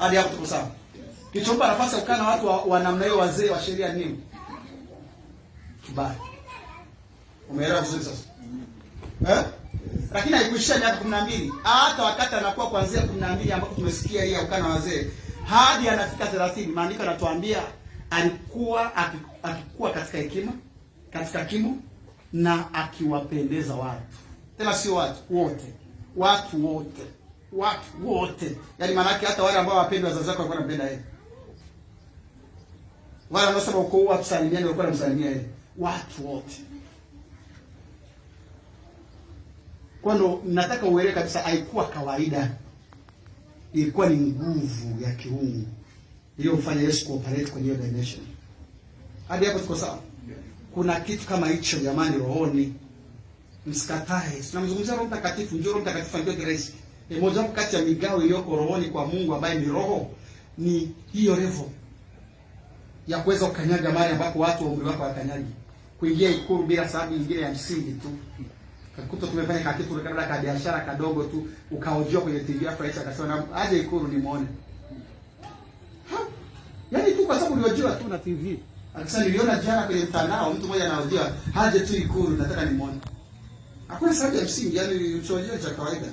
Hadi hapo tuko sawa. Kilichompa nafasi ya kukaa na watu wa, namna hiyo wazee wa sheria nini? Kibali. Umeelewa vizuri sasa? Eh? Lakini haikuishia miaka kumi na mbili. Hata wakati anakuwa kuanzia kumi na mbili ambapo tumesikia hii ukana wazee hadi anafika 30, maandiko yanatuambia alikuwa akikuwa katika hekima, katika kimo na akiwapendeza watu. Tena sio watu wote, watu wote watu wote, yaani maana yake hata wale ambao wapendwa wazazi wako walikuwa wanampenda yeye, wale ambao wanaosema uko huo hatusalimiani walikuwa wanamsalimia yeye, watu wote. Kwa ndo nataka uelewe kabisa, haikuwa kawaida, ilikuwa ni nguvu ya kiungu iliyomfanya Yesu kuoperate kwenye hiyo dimension. Hadi hapo tuko sawa? Kuna kitu kama hicho jamani, rohoni, msikatae. Tunamzungumzia Roho Mtakatifu, njoo Roho Mtakatifu, ndio grace ni moja kati ya migao iliyoko rohoni kwa Mungu ambaye ni roho, ni hiyo revo ya kuweza kukanyaga mahali ambapo watu wa umri wako wakanyagi, kuingia ikulu bila sababu nyingine ya msingi tu kakuta tumefanya ka kitu labda ka biashara kadogo tu, ukaojiwa kwenye TV yako Aisha akasema na aje ikulu nimuone. Yaani tu kwa sababu uliojiwa tu na TV. Akasema niliona jana kwenye mtandao mtu mmoja anaojiwa aje tu ikulu nataka nimuone. Hakuna sababu ya msingi, yaani uchojiwa cha kawaida.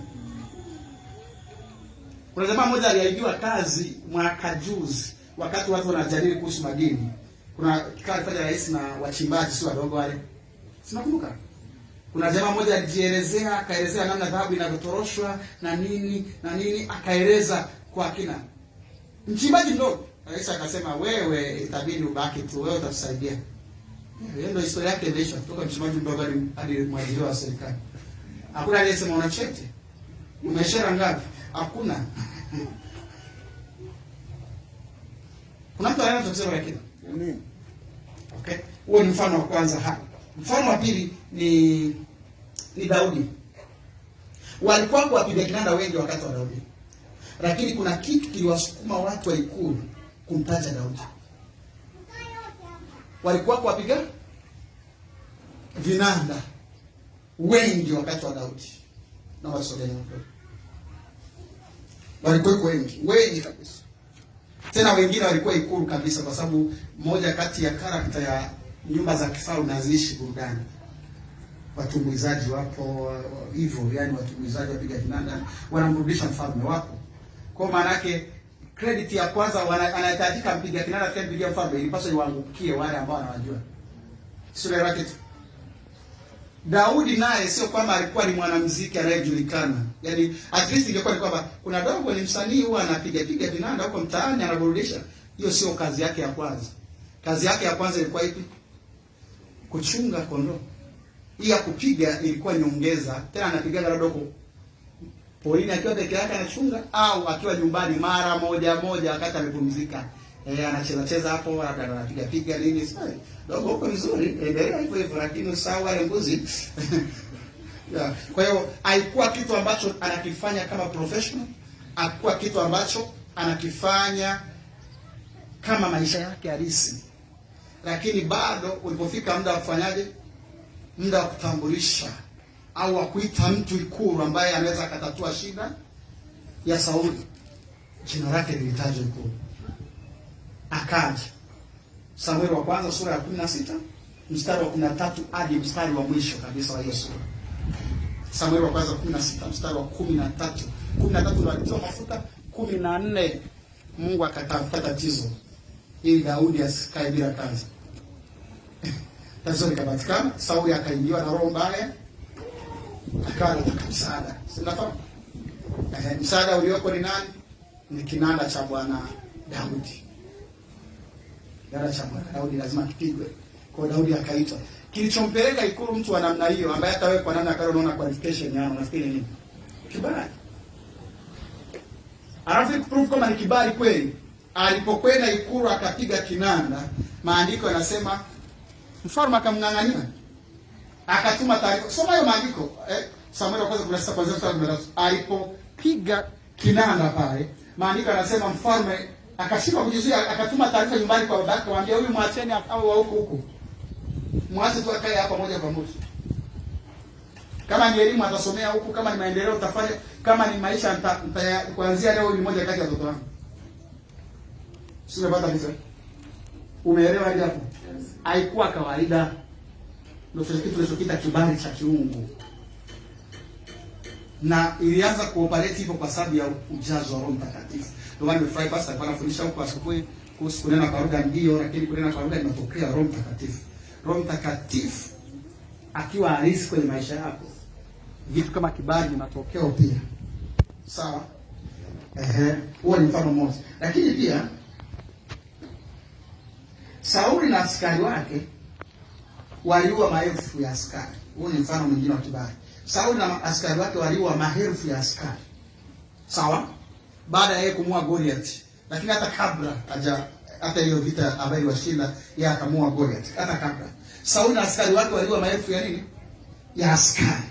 Kuna jamaa mmoja aliahidiwa kazi mwaka juzi, wakati watu wanajadili kuhusu madini. Kuna kikao alifanya rais na wachimbaji, si wadogo wale, sinakumbuka. Kuna jamaa mmoja alijielezea, akaelezea namna dhahabu inavyotoroshwa na nini na nini, akaeleza kwa kina, mchimbaji mdogo. Rais akasema, wewe itabidi ubaki tu, wewe utatusaidia. Hiyo ndio historia yake imeisha, kutoka mchimbaji mdogo hadi mwajiriwa wa serikali. Hakuna aliyesema una cheti, umeshera ngapi? Hakuna. Kuna mtu anaanza kusema ya kina? Amen. Okay. Huo ni mfano wa kwanza hapa. Mfano wa pili ni ni Daudi. Walikuwa wapiga kinanda wengi wakati wa Daudi. Lakini kuna kitu kiliwasukuma watu wa ikulu kumtaja Daudi. Walikuwa wapiga vinanda wengi wakati wa Daudi. Na wasogeni mdogo walikuwa wengi wengi kabisa, tena wengine walikuwa Ikulu kabisa, kwa sababu moja kati ya karakta ya nyumba za kifalme naziishi burudani. Watumbuizaji wapo hivyo, yani watumbuizaji, wapiga kinanda wanamrudisha mfalme, wapo kwa maana yake credit ya kwanza anahitajika mpiga kinanda, tena mpiga mfalme, ilipaswa iwaangukie wale ambao wanawajua sio yake Daudi naye sio kwamba alikuwa ni mwanamuziki anayejulikana. Yaani at least ingekuwa ni kwamba kuna dogo ni msanii huwa anapiga piga vinanda huko mtaani anaburudisha. Hiyo sio kazi yake ya kwanza. Kazi yake ya kwanza ilikuwa ipi? Kuchunga kondoo. Hii ya kupiga ilikuwa nyongeza. Tena anapiga labda huko porini akiwa peke yake anachunga au akiwa nyumbani mara moja moja wakati amepumzika eh, anacheza cheza hapo, labda anapiga piga nini. Sasa dogo huko vizuri, endelea hivyo hivyo, lakini usahau wale mbuzi yeah. Kwa hiyo haikuwa kitu ambacho anakifanya kama professional, hakuwa kitu ambacho anakifanya kama maisha yake halisi, lakini bado ulipofika muda wa kufanyaje, muda wa kutambulisha au wa kuita mtu Ikulu ambaye anaweza akatatua shida ya Sauli, jina lake lilitajwa Ikulu akaja. Samueli wa kwanza sura ya 16 mstari wa 13 hadi mstari wa mwisho kabisa wa hiyo sura. Samueli wa kwanza 16 mstari wa 13. 13 ndio alitoa mafuta, 14 Mungu akatafuta tatizo ili Daudi asikae bila kazi. Tatizo likapatikana, Sauli akaingiwa na roho mbaya, akawa anataka msaada. Sinafahamu. Eh, msaada ulioko ni nani? Ni kinanda cha Bwana Daudi. Idara cha mwaka Daudi lazima kipigwe. Kwa Daudi akaitwa. Kilichompeleka Ikulu mtu wa namna hiyo ambaye hata wewe kwa namna kale unaona qualification yao unafikiri nini? Kibali. Alafu kuprove kama ni kibali kweli. Alipokwenda Ikulu akapiga kinanda, maandiko yanasema mfalme akamng'ang'ania. Akatuma taarifa. Soma hiyo maandiko. Eh, Samuel wa kwanza kuna sasa kwanza alipopiga kinanda pale, maandiko yanasema mfalme akashindwa kujizuia, akatuma taarifa nyumbani kwa baba yake, waambia huyu mwacheni, au wa huko huko, mwache tu akae hapa moja kwa moja. Kama ni elimu atasomea huku, kama ni maendeleo utafanya, kama ni maisha kuanzia leo ni moja kati ya watoto wangu. Sijapata kisa, Umeelewa hili hapo? Haikuwa kawaida. Ndio kitu tulichokiita kibali cha kiungu. Na ilianza kuoperate hivyo kwa sababu ya ujazo wa Roho Mtakatifu. Ndio maana nimefurahi basi alikuwa anafundisha huko asubuhi kuhusu kunena kwa lugha ndio, lakini kunena kwa lugha inatokea Roho Mtakatifu. Roho Mtakatifu akiwa halisi kwenye maisha yako, vitu kama kibali ni matokeo pia. Sawa, ehe, huo ni mfano mmoja, lakini pia Sauli na askari wake waliua maelfu ya askari. Huu ni mfano mwingine wa kibali. Sauli na askari wake waliua maelfu ya askari. Sawa baada ya yeye kumua Goliath, lakini hata kabla haja hata hiyo vita ambayo iliwashinda yeye akamua Goliath, hata kabla Sauli na askari wake waliua maelfu ya nini ya askari.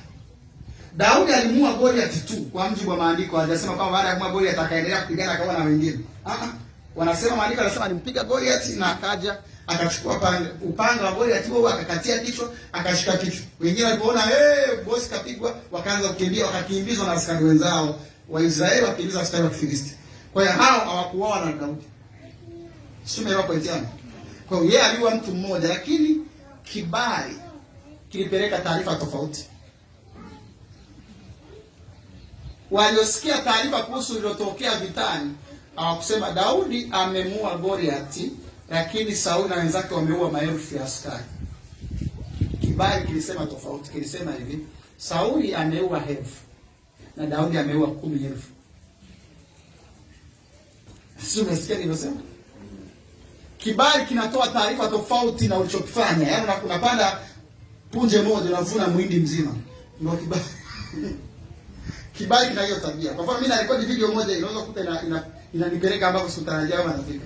Daudi alimua Goliath tu kwa mjibu wa maandiko, hajasema kwamba baada ya kumua Goliath akaendelea kupigana akawa na wengine ah ah, wanasema maandiko yanasema alimpiga Goliath na akaja akachukua panga, upanga wa Goliath huo akakatia kichwa, akashika kichwa. Wengine walipoona eh, hey, bosi kapigwa, wakaanza kukimbia, wakakimbizwa na askari wenzao Waisraeli wakimbiza askari wa Kifilisti. Kwa hiyo hao hawakuoa na Daudi. Sio wao kuitana. Kwa hiyo yeye aliwa mtu mmoja lakini kibali kilipeleka taarifa tofauti. Waliosikia taarifa kuhusu lilotokea vitani hawakusema Daudi amemua Goliati, lakini Sauli na wenzake wameua maelfu ya askari. Kibali kilisema tofauti, kilisema hivi, Sauli ameua elfu na Daudi ameua kumi elfu. Sio, umesikia nilivyosema? Kibali kinatoa taarifa tofauti na ulichokifanya. Yaani unapanda punje moja unavuna mwindi mzima. Ndio kibali. Kibali kina hiyo tabia. Kwa mfano mimi narekodi video moja inaweza kukuta ina, inanipeleka ina, inanipeleka ambako sikutarajia ama nafika.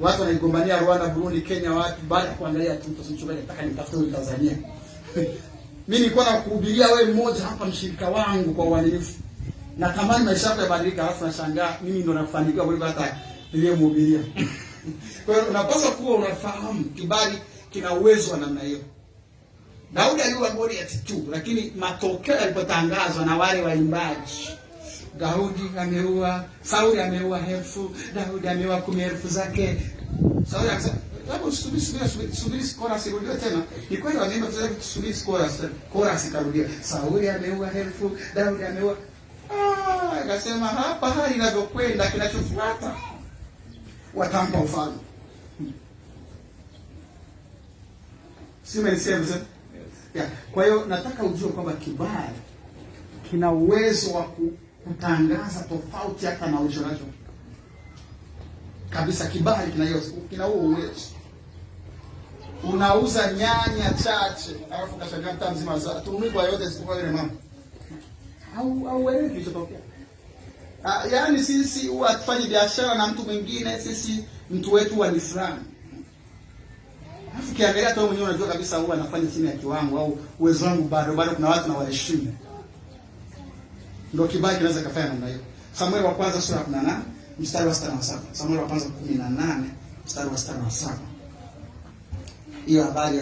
Watu wanaigombania Rwanda, Burundi, Kenya, watu baada ya kuangalia tu tusichukue nataka nitafute Tanzania. Mimi nilikuwa nakuhubiria wewe mmoja hapa, mshirika wangu kwa uaminifu. Natamani maisha yako yabadilike, halafu nashangaa mimi ndo nafanikiwa kuliko hata niliyemhubiria. Kwa hiyo unapaswa kuwa unafahamu kibali kina uwezo wa namna hiyo. Daudi aliua Goliath tu, lakini matokeo yalipotangazwa na wale waimbaji Daudi ameua, Sauli ameua elfu, Daudi ameua kumi elfu zake. Sauli akasema Labda usubiri subiri subiri chorus irudiwe tena. Ni kweli wanaimba vizuri subiri chorus. Chorus ikarudia. Sauli ameua elfu, Daudi ameua. Ah, akasema hapa hali inavyokwenda kinachofuata. Watampa ufalme. Sima sema. sasa. Ya, Kwa hiyo nataka ujue kwamba kibali kina uwezo wa kutangaza tofauti hata na ulichonacho kabisa. Kibali kina huo uwezo unauza nyanya chache, alafu kashangaa mtaa mzima tumikwa yote isipokuwa ile mama au au wewe kilichotokea. ah yani sisi huwa tufanye biashara na mtu mwingine, sisi mtu wetu wa Islam alafu kiangalia tu mwenyewe unajua kabisa huwa anafanya chini ya kiwango au uwezo wangu bado bado, kuna watu na waheshimu Ndio kibaki kinaweza kafanya namna hiyo. Samuel wa kwanza sura ya 18 mstari wa 7. Samuel wa kwanza 18 mstari wa 7 hiyo habari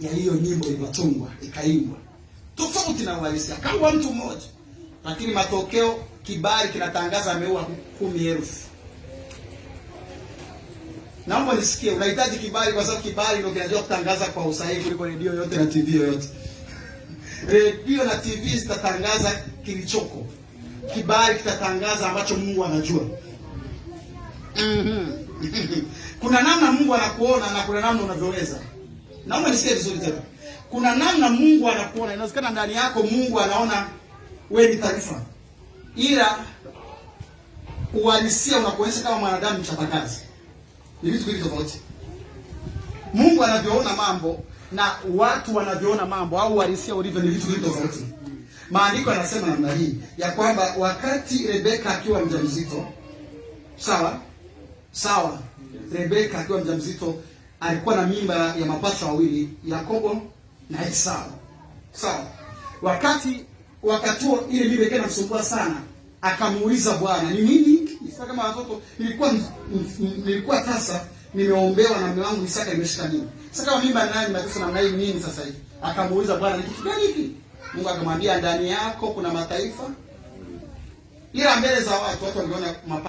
ya hiyo nyimbo iliyotungwa ikaimbwa tofauti na uhalisia, kama mtu mmoja, lakini matokeo kibali kinatangaza ameua kumi elfu. Naomba nisikie, unahitaji kibali kwa sababu kibali ndio kinajua kutangaza kwa usahihi kuliko redio yote na TV yoyote. Redio na TV zitatangaza kilichoko, kibali kitatangaza ambacho Mungu anajua. mm -hmm. kuna namna Mungu anakuona na kuna namna unavyoweza. Naomba nisikie vizuri tena. Kuna namna Mungu anakuona, inawezekana ndani yako Mungu anaona wewe ni taifa, ila uhalisia unakuonyesha kama mwanadamu mchapakazi. Ni vitu viwili tofauti. Mungu anavyoona mambo na watu wanavyoona mambo au uhalisia ulivyo ni vitu viwili tofauti. Maandiko yanasema namna hii ya kwamba wakati Rebeka akiwa mjamzito, sawa sawa. yes. Rebeka akiwa mjamzito alikuwa na mimba ya mapacha wawili, Yakobo na Esau, sawa. Wakati wakati huo ile mimba ikawa inamsumbua sana, akamuuliza Bwana, ni nini Isaka kama watoto nilikuwa nilikuwa tasa nimeombewa na mume wangu Isaka, imeshika nini sasa? Kama mimba nani matasa na hii nini sasa hivi? Akamuuliza Bwana, ni kitu gani hiki? Mungu akamwambia, ndani yako kuna mataifa, ila mbele za watu watu waliona